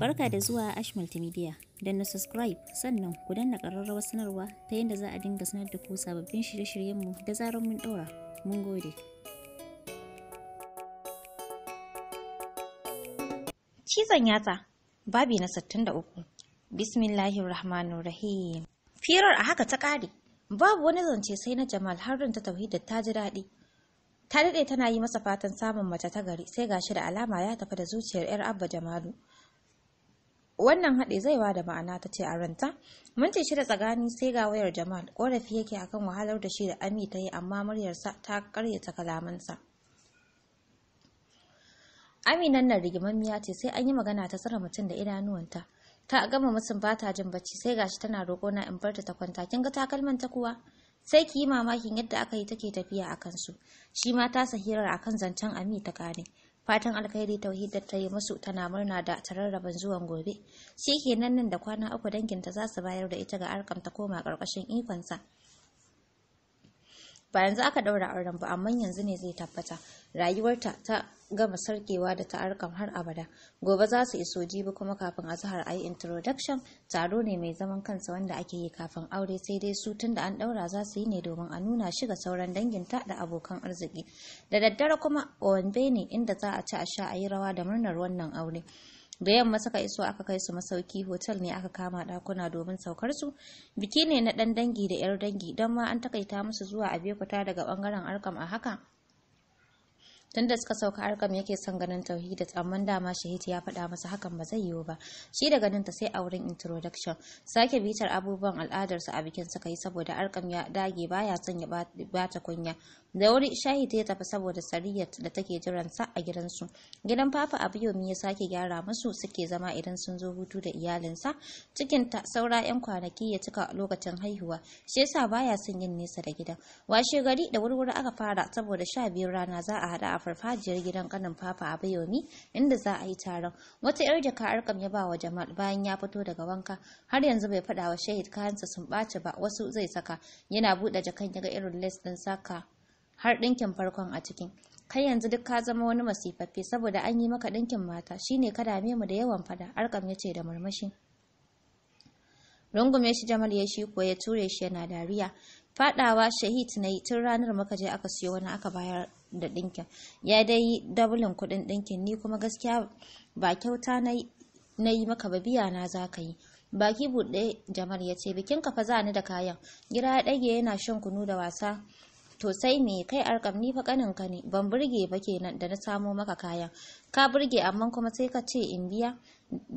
Barka da zuwa Ash Multimedia. Don na subscribe sannan ku danna ƙararrawar sanarwa ta yadda za a dinga sanar da ku sababbin shirye-shiryenmu da zarar mun ɗora. Mun gode. Cizon yatsa babi na 63 Bismillahir Rahmanir Rahim. Firar a haka ta ƙare. Babu wani zance sai na Jamal har ta tauhida ta ji daɗi. Ta daɗe tana yi masa fatan samun mace ta gari sai gashi da alama ya tafi da zuciyar 'yar Abba Jamalu. wannan haɗe zai zaiwa da ma'ana ta ce a ranta minti shida tsakani sai ga wayar jamal ƙorafi yake akan wahalar da shi da ami ta yi amma muryarsa ta karyata kalamansa aminan nan rigimammiya ce sai an yi magana ta tsara mutum da idanuwanta ta gama musun ba jin bacci sai gashi tana roƙo na in barta ta kwanta kin ga takalman ta kuwa sai ki yi mamakin yadda aka yi take tafiya a kansu shi ma ta sahirar akan zancen ami ta kare fatan alkhairi tauhidar ta yi musu tana murna da tararraban zuwan gobe shi kenan nan da kwana uku danginta za su bayar da ita ga arkam ta koma ƙarƙashin ikonsa ba yanzu aka ɗaura auren ba amma yanzu ne zai tabbata rayuwarta ta gama sarkewa da ta ta'arkan har abada gobe za su iso jibi kuma kafin azahar a yi introduction taro ne mai zaman kansa wanda ake yi kafin aure sai dai su tun da an ɗaura za su yi ne domin a nuna shi ga sauran danginta da abokan arziki da daddare kuma owen ne inda za a ci a sha a yi rawa da murnar wannan aure da yamma suka iso aka kai su masauki hotel ne aka kama dakuna domin saukar su biki ne na ɗan dangi da yar dangi don ma an takaita musu zuwa a abekuta daga ɓangaren arkam a haka Tunda suka sauka arkam yake son ganin tauhida amma dama shahid ya faɗa masa hakan ba zai yiwu ba shi daga ganin ta sai a wurin introduction sake bitar abubuwan al'adarsa a bikin suka yi saboda arkam ya dage baya son ya bata kunya da wuri shahid ya tafi saboda sariyar da take jiransa a gidansu gidan fafa abiyomi ya sake gyara musu suke zama idan sun zo hutu da iyalinsa cikin ta saura yan kwanaki ya cika lokacin haihuwa shi yasa baya son yin nesa da gidan washe gari da wurwuri aka fara saboda sha biyu rana za a hada a farfajiyar gidan kanin fafa abiyomi inda za a yi taron wata yar jaka arkam ya ba wa jamal bayan ya fito daga wanka har yanzu bai faɗa wa shahid kayansa sun ɓaci ba wasu zai saka yana buɗe jakan ya ga irin les ɗin saka har ɗinkin farkon a cikin kai yanzu duk ka zama wani masifaffe saboda an yi maka ɗinkin mata shine ka dame mu da yawan fada arkam ya ce da murmushi rungume shi jamal ya shi ko ya ture shi yana dariya Faɗawa shahid na yi tun ranar muka je aka siyo wani aka bayar da ɗinkin ya dai yi dabulin kuɗin ɗinkin ni kuma gaskiya ba kyauta na yi maka ba biya na za ka yi baki buɗe jamal ya ce bikin ka fa za ni da kayan gira ya ɗage yana shan kunu da wasa to sai me kai arkam ni fa kanin ka ne ban burge ba kenan da na samo maka kayan ka burge amma kuma sai ka ce in biya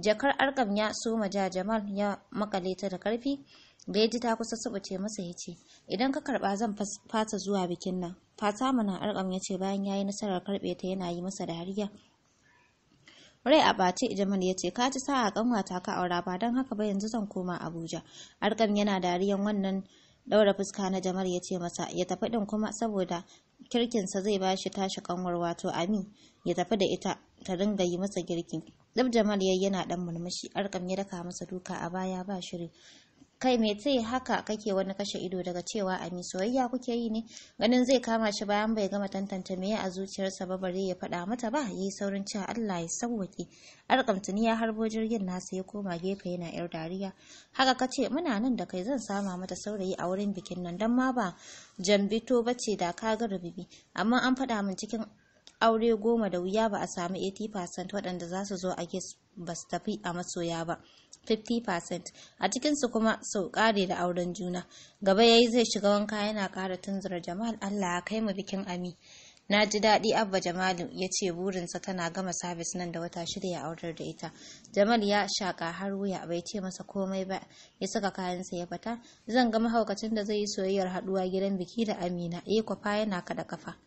jakar arkam ya soma ja jamal ya makale ta da karfi da ya ji ta kusa subuce masa ya ce idan ka karba zan fasa zuwa bikin nan fata mana arkam ya ce bayan ya yi nasarar karbe ta yana yi masa dariya Rai a bace Jamal ya ce ka ci sa'a ƙanwata, ka aura ba don haka ba yanzu zan koma Abuja. Arkam yana dariyan wannan daura fuska na jamar ya ce masa ya tafi ɗin kuma saboda kirkinsa zai ba shi tashi kanwar wato amin ya tafi da ita ta dinga yi masa girki dab jamal yayi yana dan murmushi arkam ya daka masa duka a baya ba shiri kai me tsaye haka kake wani kashe ido daga cewa ami soyayya kuke yi ne ganin zai kama shi bayan bai gama tantance me a zuciyarsa ba bare ya faɗa mata ba yayi saurin cewa Allah ya sauwaƙe arkam tuni ya harbo jirgin nasa ya koma gefe yana yar dariya haka kace muna nan da kai zan sama mata saurayi a wurin bikin nan dan ma ba jambito bace da ka ga rubibi amma an faɗa min cikin aure goma da wuya ba a samu 80% waɗanda za su zo a kes ba su tafi a masoya ba 50% a cikinsu kuma su kare da auren juna gaba yayi zai shiga wanka yana kara tunzura jamal allah ya kai mu bikin ami na ji daɗi abba jamalu ya ce burinsa tana gama sabis nan da wata shida ya aurar da ita jamal ya shaƙa har wuya bai ce masa komai ba ya saka kayansa ya fata. zan ga mahaukacin da zai yi soyayyar haɗuwa gidan biki da amina eh, kwafa yana kaɗa kafa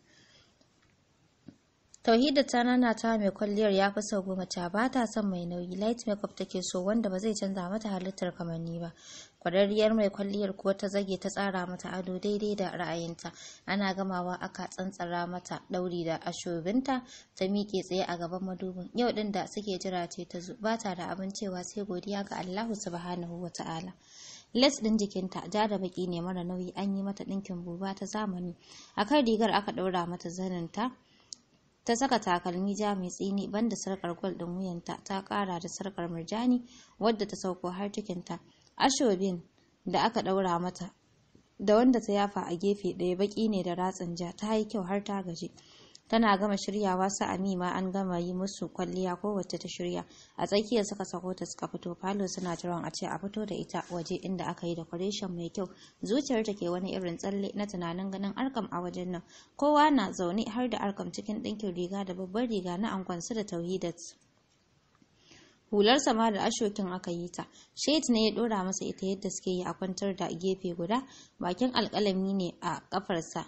tauhida ta nana ta mai kwalliyar ya fi sau goma ta ba ta son mai nauyi light makeup take so wanda ba zai canza mata halittar kamanni ba kwararriyar mai kwalliyar kuwa ta zage ta tsara mata ado daidai da ra'ayinta ana gamawa aka tsantsara mata ɗauri da ashobinta ta miƙe tsaye a gaban madubin yau ɗin da suke jira ce ta zo ba ta da abin cewa sai godiya ga allahu subhanahu wa ta'ala les ɗin jikinta ja da baki ne mara nauyi an yi mata ɗinkin buba ta zamani akan rigar aka ɗaura mata zaninta ta saka takalmi ja mai tsini banda sarkar gwal din wuyanta ta kara da sarkar murjani wadda ta sauko har cikinta ashobin da aka daura mata da wanda ta yafa a gefe ɗaya baki ne da ratsin ja ta yi kyau har ta gaji tana gama shiryawa sa amima an gama yi musu kwalliya kowace ta shirya a tsakiyar suka sako ta suka fito falo suna jiran a ce a fito da ita waje inda aka yi decoration mai kyau zuciyar ta ke wani irin tsalle na tunanin ganin arkam a wajen nan kowa na zaune har da arkam cikin ɗinkin riga da babbar riga na su da tauhidat hular sama da ashokin aka yi ta shait ne ya dora masa ita yadda suke yi a kwantar da gefe guda bakin alkalami ne a kafarsa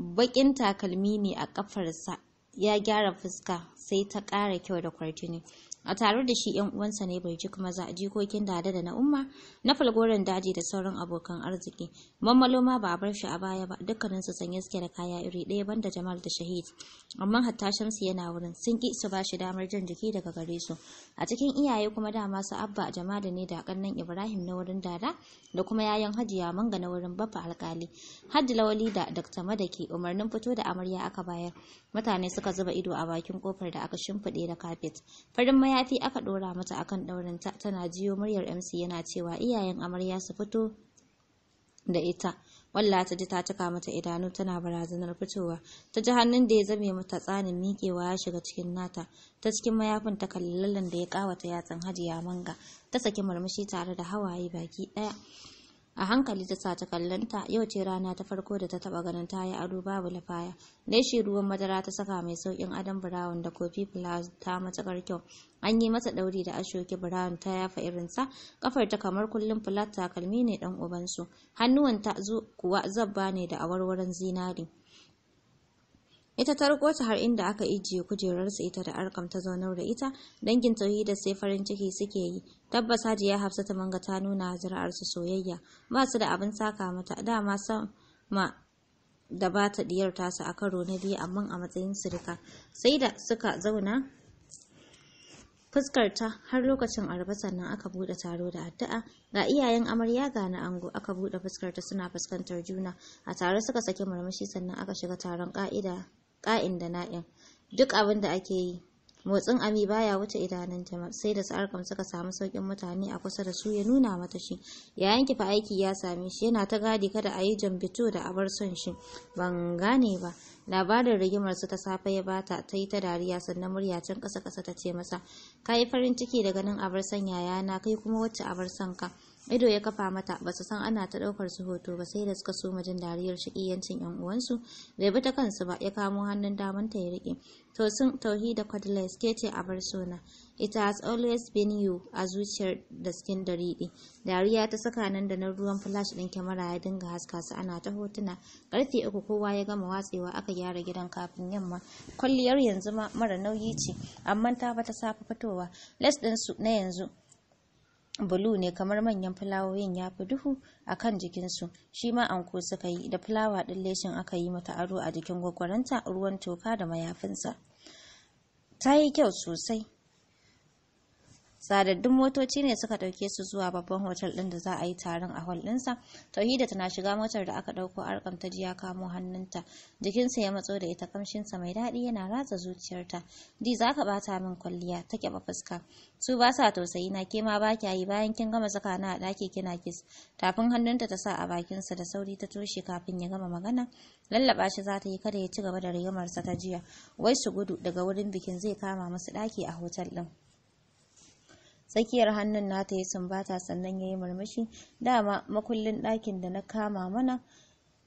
baƙin takalmi ne a ƙafarsa ya gyara fuska sai ta ƙara kyau da kwarjini a tare da shi yan uwansa ne bai ji kuma za a jikokin dada da na umma na falgoran daji da sauran abokan arziki mammalo ma ba a bar shi a baya ba dukkanin su sanye suke da kaya iri ɗaya banda jamal da shahid amma hatta su yana wurin sun ki su ba shi damar jan jiki daga gare su a cikin iyaye kuma dama su abba jamal ne da kannan ibrahim na wurin dada da kuma yayan hajiya manga na wurin baffa alkali hajji lawali da dr madaki umarnin fito da amarya aka bayar mutane suka zuba ido a bakin kofar da aka shimfiɗe da kafet farin mayafi aka ɗora mata akan ɗaurinta tana jiyo muryar MC yana cewa iyayen amarya su fito da ita. Walla ta ji ta cika mata idanu tana barazanar fitowa. Ta ji hannun da ya zame mata tsanin miƙewa ya shiga cikin nata. Ta cikin mayafin ta kalli lallan da ya ƙawata yatsan hajiya manga. Ta saki murmushi tare da hawaye baki ɗaya. a hankali ta sa ta kallonta yau ce rana ta farko da ta taba ganin ta yi ado babu lafaya leshi ruwan madara ta saka mai saukin adam brown da kofi plus ta matukar kyau an yi masa ɗauri da ashoki brown ta yafa irinsa kafar ta kamar kullum flat takalmi ne dan ubansu hannuwanta kuwa zabba ne da awarwaron zinari ita ta riko ta har inda aka ijiye kujerarsa ita da arkam ta zaunar da ita dangin da sai farin ciki suke yi tabbas ya hafsa ta manga ta nuna su soyayya ba su da abin saka mata dama sama da ba ta diyar tasa a karo na biyu amma a matsayin sirika sai da suka zauna fuskarta har lokacin arba sannan aka bude taro da addu'a ga iyayen amarya ga na ango aka bude fuskarta suna fuskantar juna a tare suka saki murmushi sannan aka shiga taron ka'ida ƙa'in da na'in duk abin da ake yi motsin ami baya wuce idanun jama'a. sai da sa'arkam suka samu saukin mutane a kusa da su ya nuna mata shi Ya yanke fa aiki ya same shi yana ta gadi kada a yi jambito da abar son shi ban gane ba labarin rigimar su ta safe ya bata ta yi ta dariya sannan murya can kasa kasa ta ce masa ka yi farin ciki da ganin abar son yayana kai kuma wacce abar son ka ido ya kafa mata ba su san ana ta daukar su hoto ba sai da suka so majin dariyar shiƙiyancin yan uwansu bai bi ta kansu ba ya kamo hannun daman ta ya rike. to sun tauhida kwadlas ke ce a bar sona it has always been you a zuciyar da skin da riɗi dariya ta saka nan da nan ruwan flash ɗin kyamara ya dinga haska su ana ta hotuna karfe uku kowa ya gama watsewa aka gyara gidan kafin yamma kwalliyar yanzu ma mara nauyi ce amma ta bata safa fitowa les ɗinsu na yanzu bulu ne kamar manyan fulawoyin ya fi duhu a kan jikinsu shi ma anko suka yi da fulawa ɗin leshin aka yi mata aro a jikin gwagwaranta ruwan toka da mayafinsa ta yi kyau sosai sadaddun motoci ne suka ɗauke su zuwa babban hotel ɗin da za a yi taron a hol dinsa tauhida tana shiga motar da aka ɗauko arkam ta jiya ya kamo hannunta jikinsa ya matso da ita kamshinsa mai daɗi yana ratsa zuciyarta di za ka bata min kwalliya ta kyaɓa fuska su ba sa tausayi na ke ma ba kya yi bayan kin gama saka na a ɗaki kina kis tafin hannunta ta sa a bakinsa da sauri ta toshe kafin ya gama magana lallaɓa shi za ta yi kada ya ci gaba da rigamarsa ta jiya wai su gudu daga wurin bikin zai kama musu ɗaki a hotel ɗin. tsakiyar hannun nata ya sumbata sannan ya yi murmushi dama makullin ɗakin da na kama mana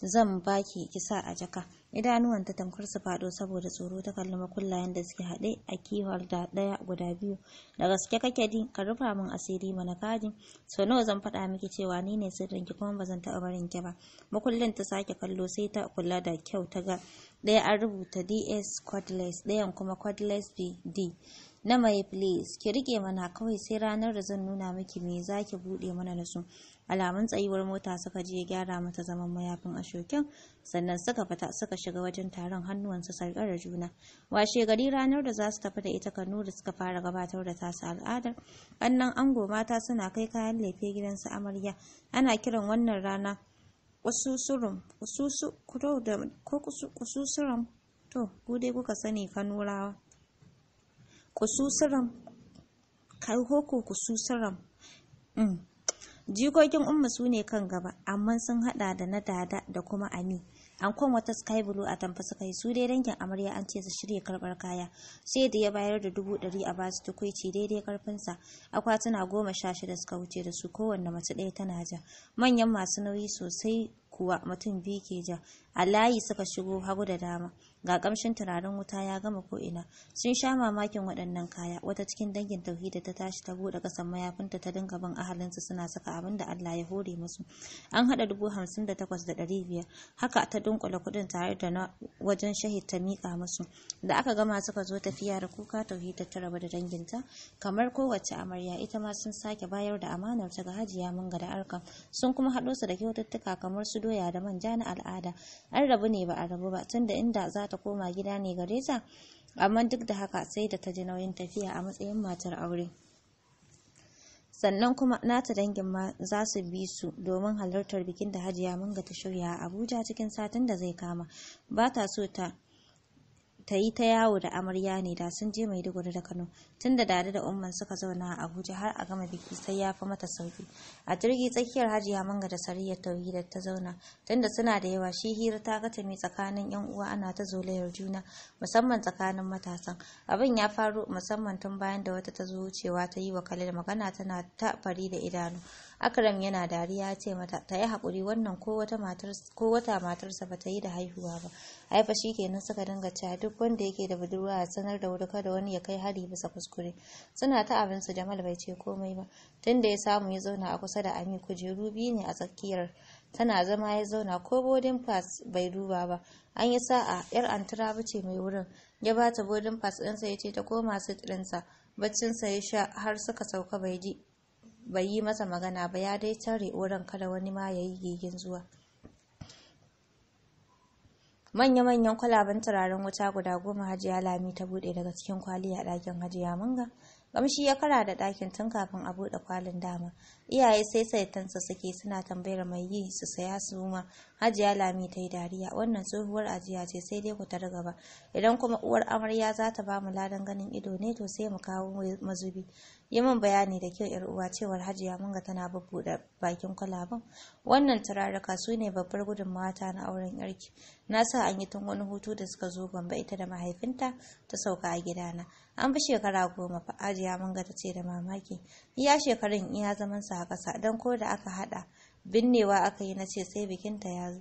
zan baki kisa a jaka idanuwan ta tamkar su fado saboda tsoro ta kalli makullayen da suke haɗe a kiwar da ɗaya guda biyu da gaske kake din ka rufa min asiri mana kaji so nawa zan faɗa miki cewa ni ne sirrin ki kuma bazan taɓa barin ki ba makullin ta sake kallo sai ta kula da kyau ta ga ɗaya an rubuta ds cordless ɗayan kuma cordless bd na mai please ki rike mana kawai sai ranar da zan nuna miki me zaki bude mana da su alamun tsayuwar mota suka je gyara mata zaman mayafin ashokin, sannan suka fita suka shiga wajen taron hannuwansu sarƙar da juna washe gari ranar da za su tafi da ita kanuri suka fara gabatar da tasu al'adar ƙannan ango mata suna kai kayan lefe su amarya ana kiran wannan rana kususurum kususu ko kususurum to ku dai kuka sani kanurawa kususuran kaihoku kususuran mm. jikokin umma sune kan gaba amma sun hada da na dada da kuma ami an kwan wata sky blue a tamfa suka yi su dai dangin amarya an ce su shirya karbar kaya sai da ya bayar da dubu dari a basu tukuici daidai karfinsa akwatuna goma sha shida suka wuce da su kowanne mace ɗaya tana ja manyan masu nauyi sosai kuwa mutum biyu ke ja a layi suka shigo hagu da dama ga kamshin turaren wuta ya gama ko ina sun sha mamakin waɗannan kaya wata cikin dangin da ta tashi ta buɗe ƙasar mayafinta ta dinga bin ahalinsu suna saka abin da Allah ya hore musu an haɗa dubu hamsin da takwas da ɗari biyar haka ta dunkula kuɗin tare da na wajen shahid ta miƙa musu da aka gama suka zo tafiya da kuka tauhida ta rabu da danginta kamar kowace amarya ita ma sun sake bayar da amanar ta ga hajiya munga da arka sun kuma haɗo su da kyaututtuka kamar su doya da manja na al'ada an rabu ne ba a rabu ba tunda inda za ta koma gida ne gare ta amma duk da haka sai da ta ji nauyin tafiya a matsayin matar aure sannan kuma nata dangin ma za su bi su domin halartar bikin da hajiya mun ga ta shirya a abuja cikin satin da zai kama ba ta so ta ta yi ta yawo da amarya ne da sun je mai maiduguri da kano tunda da da umman suka zauna a abuja har a gama biki sai ya fi mata sauki a jirgi tsakiyar hajiya manga da sariyar tauhidar ta zauna tunda suna da yawa shi hira ta katame tsakanin yan uwa ana ta zolayar juna musamman tsakanin matasan abin ya faru musamman tun bayan da wata ta zo wucewa ta yi wa kalil magana tana ta fari da idanu akram yana dariya ya ce mata ta yi haƙuri wannan ko wata matarsa ba ta yi da haihuwa ba haifa shi kenan suka dinga cewa duk wanda yake da budurwa a sanar da wuri kada wani ya kai hari bisa kuskure suna ta abinsu jamal bai ce komai ba tunda ya samu ya zauna a kusa da ami kujeru biyu ne a tsakiyar tana zama ya zauna ko boarding pass bai duba ba an yi sa'a yar antira ce mai wurin ya ba ta boarding pass ɗinsa ya ce ta koma sit ɗinsa baccinsa ya sha har suka sauka bai ji bai yi masa magana ba ya dai tare wurin kada wani ma ya yi gigin zuwa manya-manyan kwalaben turaren wuta guda goma hajiya lami ta bude daga cikin kwaliya a ɗakin hajiya munga Gamshi ya kara da ɗakin tun kafin a buɗe kwalin dama. Iyaye sai saitansa suke suna tambayar mai yi su saya su ma. Hajiya Lami ta yi dariya. Wannan tsohuwar ajiya ce sai dai ku riga gaba. Idan kuma uwar amarya za ta ba mu ladan ganin ido ne to sai mu kawo mazubi. Yi min bayani da kyau yar uwa cewar Hajiya Munga tana bubbuɗe bakin kwalaban. Wannan turaruka su ne babbar gudunmawata na auren yarki. Na sa an yi tun wani hutu da suka zo Gombe ita da mahaifinta ta sauka a gidana. an fi shekara goma fa ajiya manga ta ce da mamaki iya shekarun iya zaman sa a ƙasa don ko da aka haɗa binnewa aka yi na ce sai bikinta ya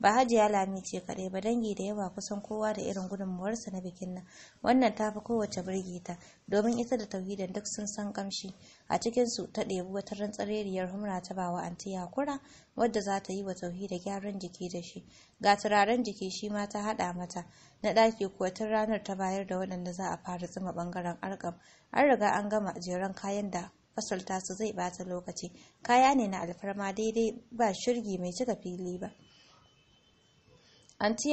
ba hajiya lami ce kaɗai ba dangi da yawa kusan kowa da irin gudunmuwarsa na bikin nan wannan ta fi kowace birge ta domin ita da tauhidin duk sun san kamshi a cikinsu ta ɗebi wata rantsarariyar humra ta bawa anti yakura wadda za ta yi wa tauhida gyaran jiki da shi ga turaren jiki shi ma ta haɗa mata na ɗaki kuwa tun ranar ta bayar da waɗanda za a fara tsima ɓangaren arkam an riga an gama jeren kayan da fasalta su zai bata lokaci kaya ne na alfarma daidai ba shirgi mai cika fili ba anti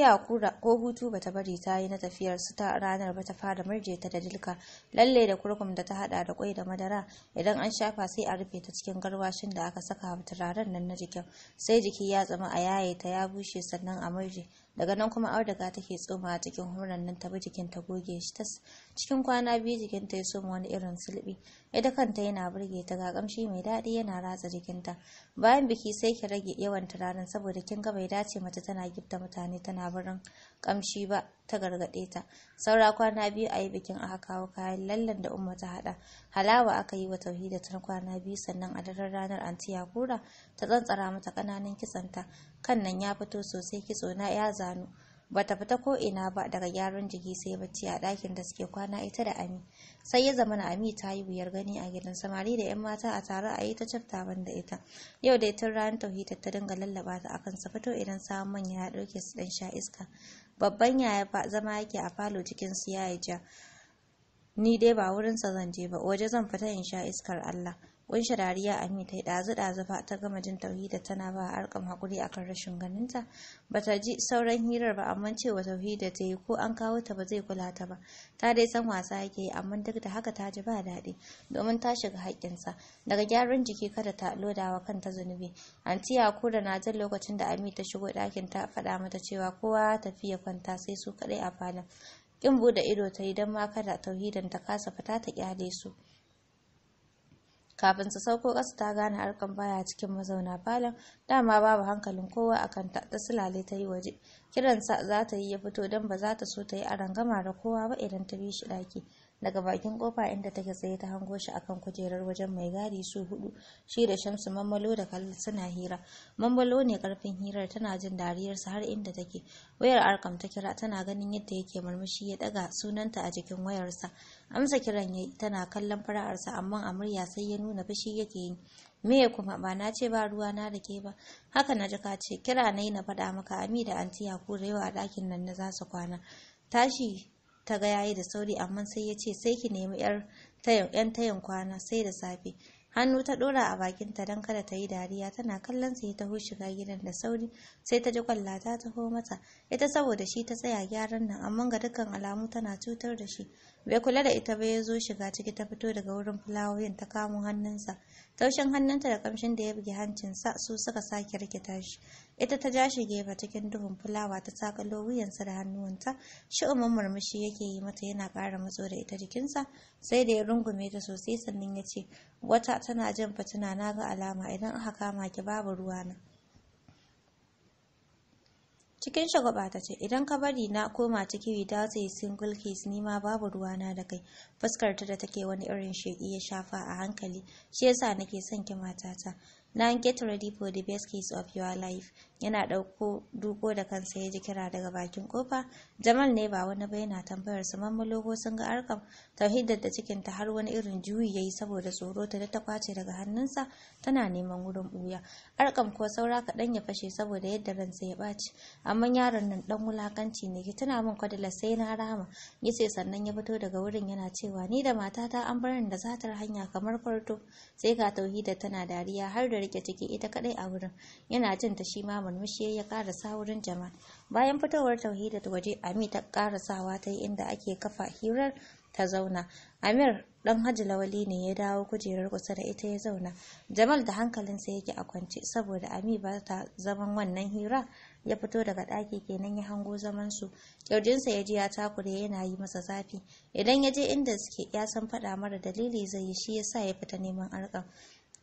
ko hutu bata bari ta yi na tafiyar su ta ranar ba ta fara murje ta da dilka lalle da kurkum da ta hada da kwai da madara idan an shafa sai a rufe ta cikin garwashin da aka saka turaren nan na jikin sai jiki ya tsama a yaye ta ya bushe sannan a murje daga nan kuma auduga take tsoma cikin hurnan nan ta bi jikin ta goge shi tas cikin kwana biyu jikin ta ya tsoma wani irin sulbi ita kanta yana burge ta ga kamshi mai daɗi yana ratsa jikinta bayan biki sai ki rage yawan turaren saboda kin ga bai dace mata tana gifta mutane tana barin kamshi ba ta gargaɗe ta saura kwana biyu a yi bikin aka kawo kayan lallan da umma ta haɗa halawa aka yi wa tauhida tun kwana biyu sannan a daren ranar antiya kura ta tsantsara mata ƙananan kisanta kan nan ya fito sosai kitso na ya zanu bata fita ko ina ba daga gyaran jiki sai bacci a ɗakin da suke kwana ita da ami sai ya zamana ami ta yi wuyar gani a gidan samari da yan mata a tare a yi ta cafta ban da ita yau dai tun ranar tauhita ta dinga lallaba ta akan sa fito idan samun manya ya ɗauke su ɗan sha iska babban yaya fa zama yake a falo cikin su ya ja ni dai ba wurin sa zan je ba waje zan fita in sha iskar Allah Kunshi dariya Ami ta yi ɗazu-ɗazu fa ta gama jin Tauhida tana ba arkam hakuri akan rashin ganinta. Bata ji sauran hirar ba amma cewa Tauhida ta yi ko an kawo ta ba zai kula ta ba. Ta dai san wasa yake yi amma duk da haka ta ji ba daɗi domin ta shiga haƙƙinsa. Daga gyaran jiki kada ta lodawa kanta zunubi. Antiya, Yakuda na jin lokacin da Ami ta shigo ɗakin ta faɗa mata cewa kowa tafiya tafi kwanta sai su kaɗai a falon. Kin buɗe ido ta yi don ma kada Tauhidan ta kasa fita ta ƙyale su. kafin su sauko ƙasa ta gane harkan baya cikin mazauna falon dama babu hankalin kowa a kanta ta sulale ta yi waje kiransa za ta yi ya fito don ba za ta so ta yi a rangama da kowa ba idan ta bi shi ɗaki daga bakin kofa inda take tsaye ta hango shi akan kujerar wajen mai gadi su hudu shi da shamsu mammalo da kalli suna hira mammalo ne karfin hirar tana jin dariyarsa har inda take wayar arkam ta kira tana ganin yadda yake murmushi ya daga sunanta a jikin wayarsa amsa kiran yayi tana kallon fara'arsa amma a murya sai ya nuna fushi yake yi me ya kuma ba na ce ba ruwa na da ke ba haka na ji ce kira nai na faɗa maka ami da antiya ko da yawa a ɗakin nan na za su kwana tashi ta ga yayi da sauri amma sai ya ce sai ki nemi yar tayan yan tayan kwana sai da safe hannu ta dora a bakinta dan kada ta yi dariya tana kallon sai ta taho shiga gidan da sauri sai ta ji kwalla ta taho mata ita saboda shi ta tsaya gyaran nan amma ga dukkan alamu tana cutar da shi bai kula da ita ba ya zo shiga ciki ta fito daga wurin fulawoyin ta kamo hannunsa taushin hannunta da kamshin da ya buge hancinsa su suka sake rikita shi ita ta ja gefe cikin duhun fulawa ta takalo wuyansa da hannuwanta shi umar murmushi yake yi mata yana kara matso da ita jikinsa sai da ya rungume ta sosai sannan ya ce wata tana jin fitina na ga alama idan aka kama ki babu ruwa na cikin shagwaba ta ce idan ka bari na koma ciki without yi single case nima babu babu na da kai fuskar ta da take wani irin sheƙi ya shafa a hankali shi yasa nake son ki matata Now get ready for the best case of your life. yana ɗauko duko da kansa ya ji kira daga bakin kofa jamal ne ba wani ba yana tambayar su logo sun ga arkam tauhidar da cikin ta har wani irin juyi yayi saboda tsoro ta da ta kwace daga hannunsa tana neman wurin buya. arkam kuwa saura kaɗan ya fashe saboda yadda ransa ya ɓaci amma yaron nan ɗan wulakanci ne ki tana min kwadala sai na rama ya ce sannan ya fito daga wurin yana cewa ni da matata an bar da zatar hanya kamar farto sai ga tauhida tana dariya har da rike ciki ita kaɗai a wurin yana jin ta shi ma murmushi ya karasa wurin jama'a bayan fitowar tauhidat waje ami ta kara sawa ta yi inda ake kafa hirar ta zauna amir dan hajji lawali ne ya dawo kujerar kusa da ita ya zauna jamal da hankalinsa yake a kwance saboda ami ba ta zaman wannan hira ya fito daga ɗaki kenan ya hango zaman su sa ya ji ya takure yana yi masa zafi idan ya je inda suke ya san faɗa mara dalili zai yi shi yasa ya fita neman arkan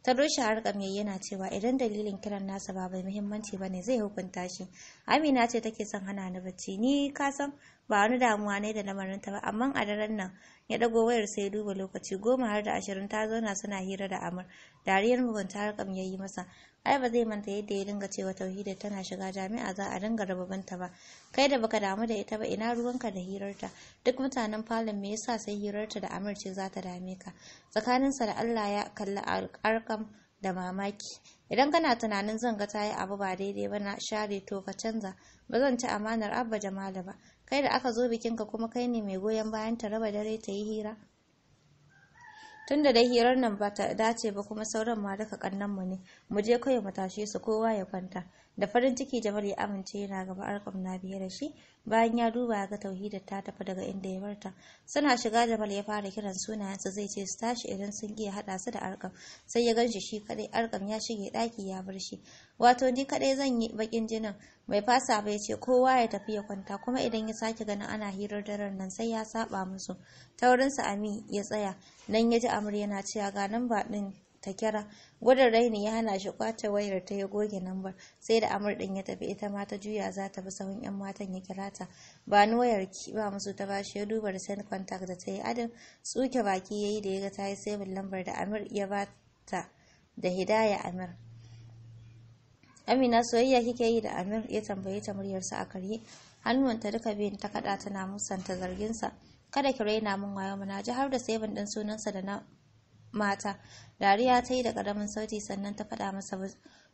ta rushe har kamye yana cewa idan dalilin kiran nasa ba bai muhimmanci bane zai hukunta shi amina ce take son hana ni bacci ni ka san ba wani damuwa ne da lamarin ta ba amma a daren nan ya ɗago wayar sai ya duba lokaci goma har da ashirin ta zauna suna hira da amur dariyar mugunta har kam ya yi masa ai ba zai manta yadda ya dinga cewa tauhida tana shiga jami'a za a dinga rababanta ba kai da baka damu da ita ba ina ruwanka da hirarta duk mutanen falon me yasa sai hirarta da amur ce za ta dame ka tsakaninsa da allah ya kalli arkam da mamaki idan kana tunanin zan ga tayi abu ba daidai ba na share to ka canza ba zan ci amanar abba jamala ba kai da aka zo bikinka kuma kai ne mai goyon bayan ta raba dare ta yi hira Tun da dai hirar nan ba ta dace ba kuma sauran ma duka kannan mu ne mu je kai mu tashe su kowa ya kwanta da farin ciki jamal ya amince yana gaba arkam na biye da shi bayan ya duba ga tauhida ta tafi daga inda ya barta suna shiga jabal ya fara kiran sunayensa zai ce su tashi idan sun iya hada su da arkam sai ya ganshi shi kadai arkam ya shige daki ya bar shi wato ni kadai zan yi bakin jinin mai fasa ba ya ce kowa ya tafi ya kwanta kuma idan ya sake ganin ana hirar daren nan sai ya saba musu taurinsa amin ya tsaya nan ya ji amur yana cewa ga nan ba din ta kira gudun raini ya hana shi kwace wayar ta ya goge lambar sai da amur din ya tafi ita ma ta juya za ta bi sahun yan matan ya kira ta ba ni wayar ki ba musu ta ba shi ya duba da send contact da ta yi adam tsuke baki yayi da ya ga ta yi sabin lambar da amir ya ba ta da hidaya amir amina soyayya kike yi da amir ya tambaye ta muryarsa a karye hannuwanta duka biyun ta kada tana musanta zarginsa kada ki raina min wayo na ji har da sabon din sunansa da na mata dariya ta yi da ƙaramin sauti sannan ta faɗa masa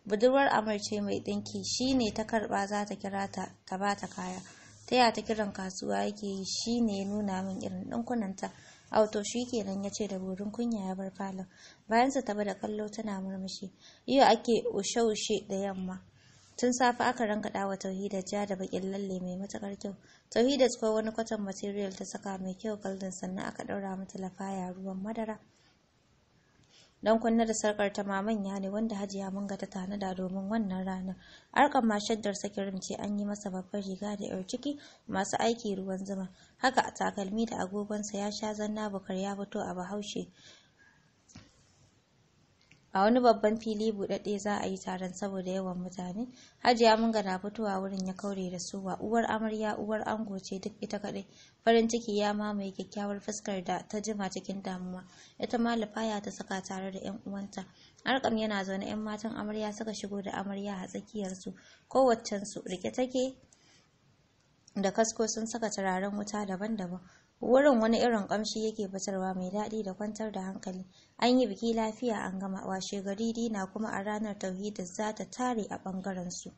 budurwar amurce mai ɗinki shi ne ta karɓa za ta kira ta ta ba ta kaya ta ya ta kiran kasuwa yake yi shi ne ya nuna min irin ɗankunanta auto shi kenan ya ce da burin kunya ya bar falon bayan ta taba da kallo tana murmushi yau ake ushe-ushe da yamma tun safe aka ranka wa tauhida ja da bakin lalle mai matakar kyau tauhida ko wani kwatan material ta saka mai kyau kallon sannan aka ɗaura mata lafaya ruwan madara don kunna da sarkar ta mamanya ne wanda hajiya mun ga ta tanada domin wannan ranar arkan ma sakirin ce an yi masa babbar riga da yar ciki masu aiki ruwan zuma haka a takalmi da agogonsa ya sha zanna bukar ya fito a bahaushe a wani babban fili buɗaɗɗe za a yi taron saboda yawan mutane hajiya mun gana fitowa wurin ya kaure da suwa uwar amarya uwar ango ce duk ita kaɗai farin ciki ya mamaye kyakkyawar fuskar da ta jima cikin damuwa ita ma lafaya ta saka tare da yan uwanta arkam yana zaune yan matan amarya suka shigo da amarya a tsakiyarsu kowaccensu rike take da kasko sun saka turaren wuta daban-daban Wurin wani irin kamshi yake fitarwa mai daɗi da kwantar da hankali. An yi biki lafiya an gama washe gari dina kuma a ranar tauhidin za ta tare a ɓangaren su.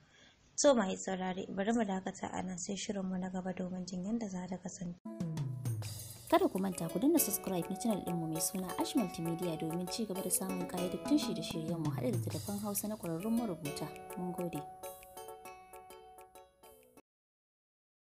so mai tsirare bari mu dakata a nan sai shirinmu na gaba domin jin yadda za ta kasance. Kada ku manta ku danna subscribe na channel ɗinmu mai suna Ash Multimedia domin ci gaba da samun ƙayyadattun shirye-shiryenmu haɗa da telefon Hausa na ƙwararrun marubuta. Mun gode.